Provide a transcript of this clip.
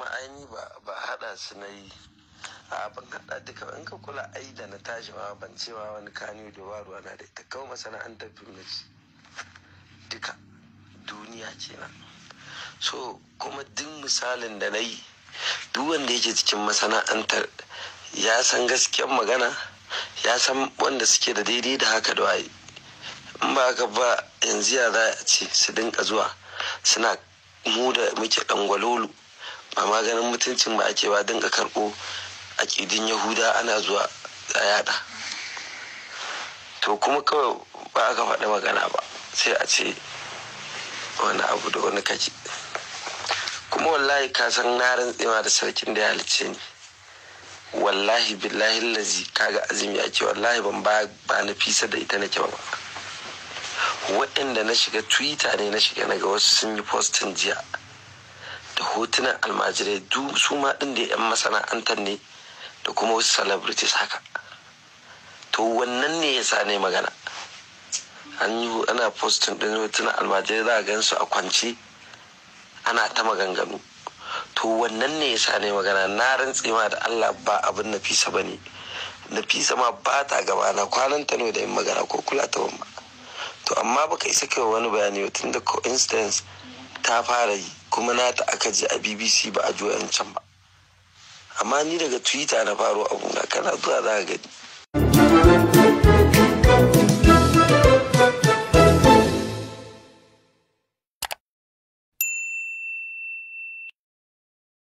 kuma aini ba hada su na yi a ban hada duka in ka kula ai da na tashi ma ban cewa wani kani da ba ruwa na da ita kawai masana'antar fim duka duniya kenan so kuma duk misalin da na yi duk wanda yake cikin masana'antar ya san gaskiyar magana ya san wanda suke da daidai da haka da waye in ba haka ba yanzu ya za a ce su dinka zuwa suna mu da muke dangwalolu A maganin mutuncin ba ake ba dinga karɓo a ƙidin yahuda ana zuwa a yada to kuma kawai ba aka faɗi magana ba sai a ce wani abu da wani kaji kuma wallahi ka san na rantsewa da sarkin da ya halice ni wallahi billahi lazi kaga azumi ake wallahi ban ba ba na fisa da ita nake ba waɗanda na shiga twitter ne na shiga naga wasu sun yi postin jiya da hotunan almajirai duk su ma ɗin da 'yan masana'antar ne da kuma wasu celebrities haka to wannan ne ya sa ne magana an yi ana postin ɗin hotunan almajirai za a gan su a kwance ana ta maganganu to wannan ne ya sa ne magana na rantse ma da allah ba abin nafisa ba ne nafisa ma ba ta gaba na kwanan ta ne da yin magana ko kula ta wamba to amma baka isa kai wani bayani tun da coincidence ta fara yi kuma na ta aka ji a bbc ba a ji can ba amma ni daga twitter na faro na kana zuwa za a gani